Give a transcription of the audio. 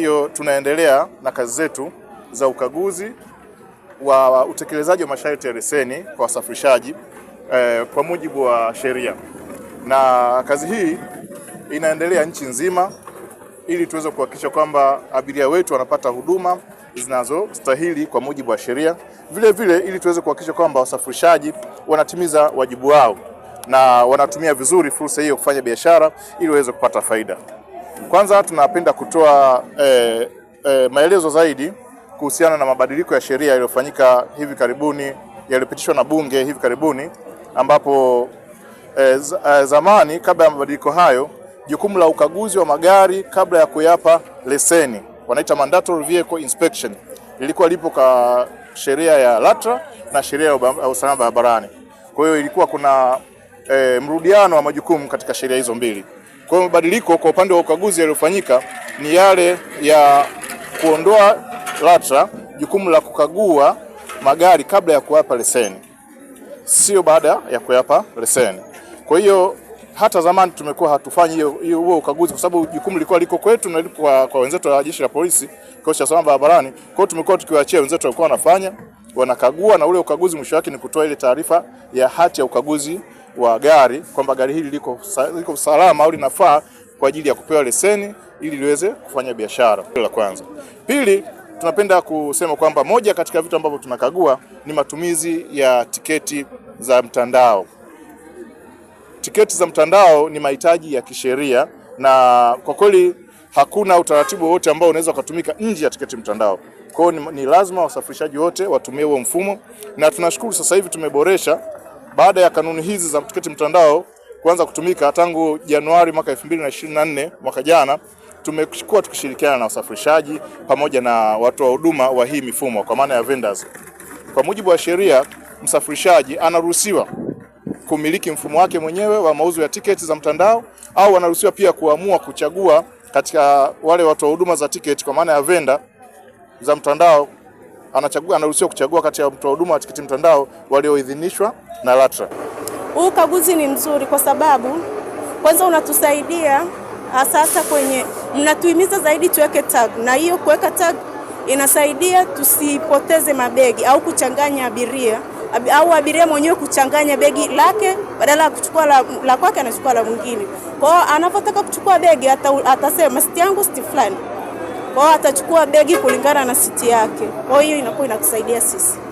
hiyo tunaendelea na kazi zetu za ukaguzi wa utekelezaji wa masharti ya leseni kwa wasafirishaji eh, kwa mujibu wa sheria, na kazi hii inaendelea nchi nzima ili tuweze kuhakikisha kwamba abiria wetu wanapata huduma zinazostahili kwa mujibu wa sheria, vile vile ili tuweze kuhakikisha kwamba wasafirishaji wanatimiza wajibu wao na wanatumia vizuri fursa hiyo kufanya biashara ili waweze kupata faida. Kwanza tunapenda kutoa eh, eh, maelezo zaidi kuhusiana na mabadiliko ya sheria yaliyofanyika hivi karibuni yaliyopitishwa na bunge hivi karibuni ambapo eh, eh, zamani kabla ya mabadiliko hayo jukumu la ukaguzi wa magari kabla ya kuyapa leseni wanaita mandatory vehicle inspection lilikuwa lipo kwa sheria ya LATRA na sheria ya usalama barabarani. Kwa hiyo ilikuwa kuna eh, mrudiano wa majukumu katika sheria hizo mbili. Kwa hiyo mabadiliko kwa upande wa ukaguzi yaliyofanyika ni yale ya kuondoa LATRA jukumu la kukagua magari kabla ya kuyapa leseni, sio baada ya kuyapa leseni. Kwa hiyo hata zamani tumekuwa hatufanyi huo ukaguzi kwa sababu jukumu lilikuwa liko kwetu na kwa, kwa wenzetu wa jeshi la polisi, kikosi cha usalama barabarani. Kwa hiyo tumekuwa tukiwaachia wenzetu walikuwa wanafanya wanakagua, na ule ukaguzi mwisho wake ni kutoa ile taarifa ya hati ya ukaguzi wa gari kwamba gari hili liko, liko salama au linafaa kwa ajili ya kupewa leseni ili liweze kufanya biashara. La kwanza. Pili, tunapenda kusema kwamba moja katika vitu ambavyo tunakagua ni matumizi ya tiketi za mtandao. Tiketi za mtandao ni mahitaji ya kisheria na kwa kweli hakuna utaratibu wowote ambao unaweza ukatumika nje ya tiketi mtandao. Kwa hiyo ni, ni lazima wasafirishaji wote watumie huo mfumo, na tunashukuru sasa hivi tumeboresha baada ya kanuni hizi za tiketi mtandao kuanza kutumika tangu Januari mwaka 2024 mwaka jana, tumekuwa tukishirikiana na wasafirishaji pamoja na watoa wa huduma wa hii mifumo kwa maana ya vendors. Kwa mujibu wa sheria, msafirishaji anaruhusiwa kumiliki mfumo wake mwenyewe wa mauzo ya tiketi za mtandao au anaruhusiwa pia kuamua kuchagua katika wale watoa wa huduma za tiketi kwa maana ya venda za mtandao anachagua anaruhusiwa kuchagua kati ya mtoa huduma wa tiketi mtandao walioidhinishwa na LATRA. Huu ukaguzi ni mzuri kwa sababu kwanza unatusaidia sasa kwenye, mnatuhimiza zaidi tuweke tag, na hiyo kuweka tag inasaidia tusipoteze mabegi au kuchanganya abiria au abiria mwenyewe kuchanganya begi lake badala ya kuchukua la, la kwake anachukua la mwingine. Kwa hiyo anapotaka kuchukua begi atasema siti yangu siti fulani kwa atachukua begi kulingana na siti yake. Kwa hiyo inakuwa inatusaidia sisi.